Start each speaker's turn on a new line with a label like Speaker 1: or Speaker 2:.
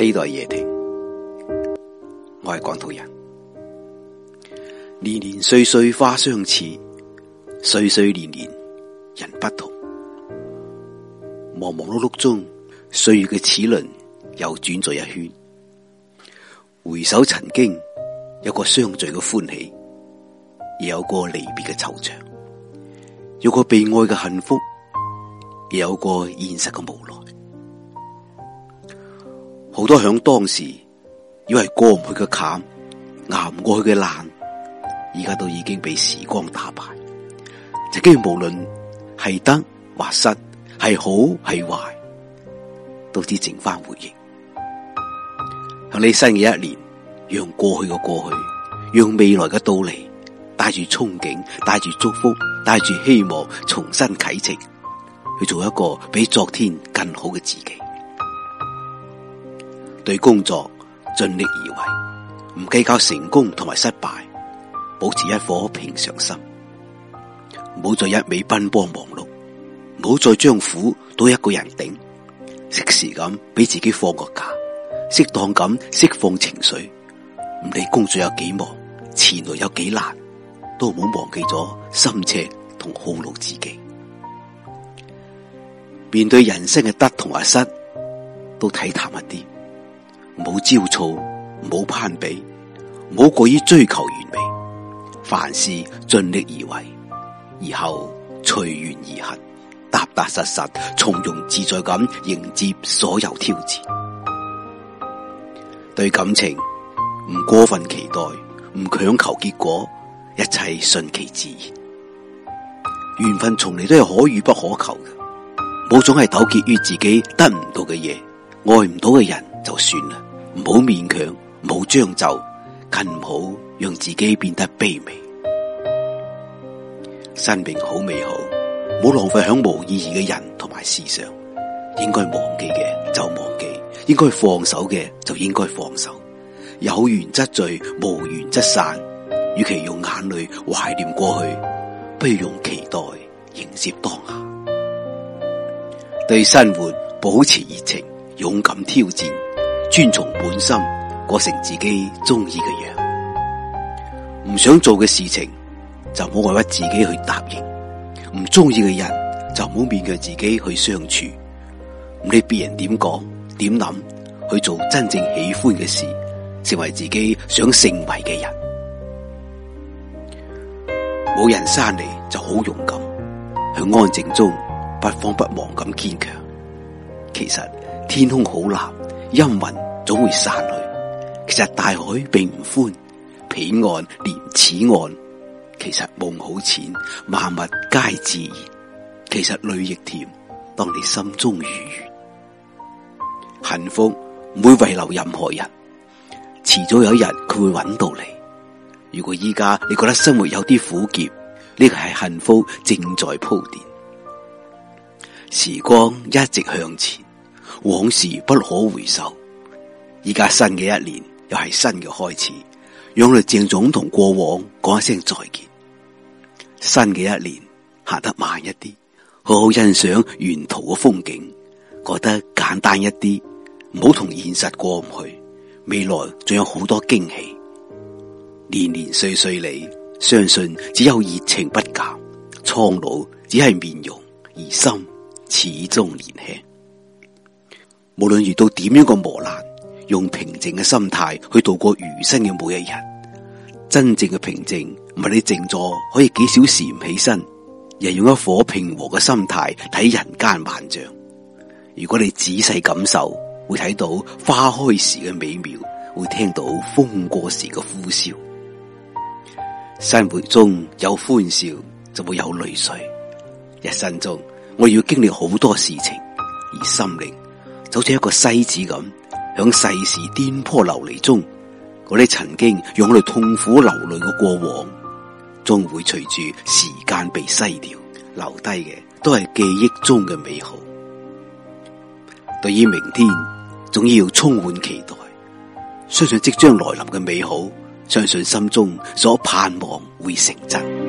Speaker 1: 歷代夜亭，我係廣東人。年年歲歲花相似，歲歲年年人不同。忙忙碌碌中，歲月嘅齒輪又轉咗一圈。回首曾經，有過相聚嘅歡喜，亦有過離別嘅惆悵；有過被愛嘅幸福，亦有過現實嘅無奈。好多響當時以為過唔去嘅坎，捱唔過去嘅難，而家都已經被時光打敗。就既然無論係得或失，係好係壞，都只剩翻回憶。向你新嘅一年，讓過去嘅過去，讓未來嘅到嚟，帶住憧憬，帶住祝福，帶住希望，重新啟程，去做一個比昨天更好嘅自己。對工作盡力而為，唔計較成功同埋失敗，保持一顆平常心，唔好再一味奔波忙碌，唔好再將苦都一個人頂，適時咁俾自己放個假，適當咁釋放情緒，唔理工作有幾忙，前路有幾難，都唔好忘記咗心切同犒勞自己。面對人生嘅得同埋失，都體淡一啲。冇焦躁，冇攀比，冇過於追求完美，凡事盡力而為，而後隨緣而行，踏踏實實，從容自在咁迎接所有挑戰。對感情唔過分期待，唔強求結果，一切順其自然。緣分從嚟都係可遇不可求嘅，冇總係糾結於自己得唔到嘅嘢，愛唔到嘅人就算啦。唔好勉強，唔好將就，更唔好讓自己變得卑微。生命好美好，唔好浪費響無意義嘅人同埋事上。應該忘記嘅就忘記，應該放手嘅就應該放手。有緣則聚，無緣則散。與其用眼淚懷念過去，不如用期待迎接當下。對生活保持熱情，勇敢挑戰。遵從本心，過成自己中意嘅樣。唔想做嘅事情就唔好委屈自己去答應，唔中意嘅人就唔好勉強自己去相處。唔理別人點講點諗，去做真正喜歡嘅事，成為自己想成為嘅人。冇人生嚟就好勇敢，喺安靜中不慌不忙咁堅強。其實天空好藍。陰雲總會散去，其實大海並唔寬，彼岸連此岸。其實夢好淺，萬物皆自然。其實淚亦甜，當你心中如願，幸福唔會遺留任何人。遲早有一日，佢會揾到你。如果依家你覺得生活有啲苦澀，呢個係幸福正在鋪墊。時光一直向前。往事不可回首，而家新嘅一年又係新嘅開始，讓我哋鄭重同過往講一聲再見。新嘅一年行得慢一啲，好好欣賞沿途嘅風景，過得簡單一啲，唔好同現實過唔去。未來仲有好多驚喜，年年歲歲你相信只有熱情不減，蒼老只係面容，而心始終年輕。無論遇到點樣嘅磨難，用平靜嘅心態去度過餘生嘅每一日。真正嘅平靜唔係你靜坐可以幾小時唔起身，而係用一顆平和嘅心態睇人間萬象。如果你仔細感受，會睇到花開時嘅美妙，會聽到風過時嘅呼嘯。生活中有歡笑，就會有淚水。一生中我要經歷好多事情，而心靈。就好似一個篩子咁，響世事顛簸流離中，嗰啲曾經令我哋痛苦流淚嘅過往，終會隨住時間被篩掉，留低嘅都係記憶中嘅美好。對於明天，總要充滿期待，相信即將來臨嘅美好，相信心中所盼望會成真。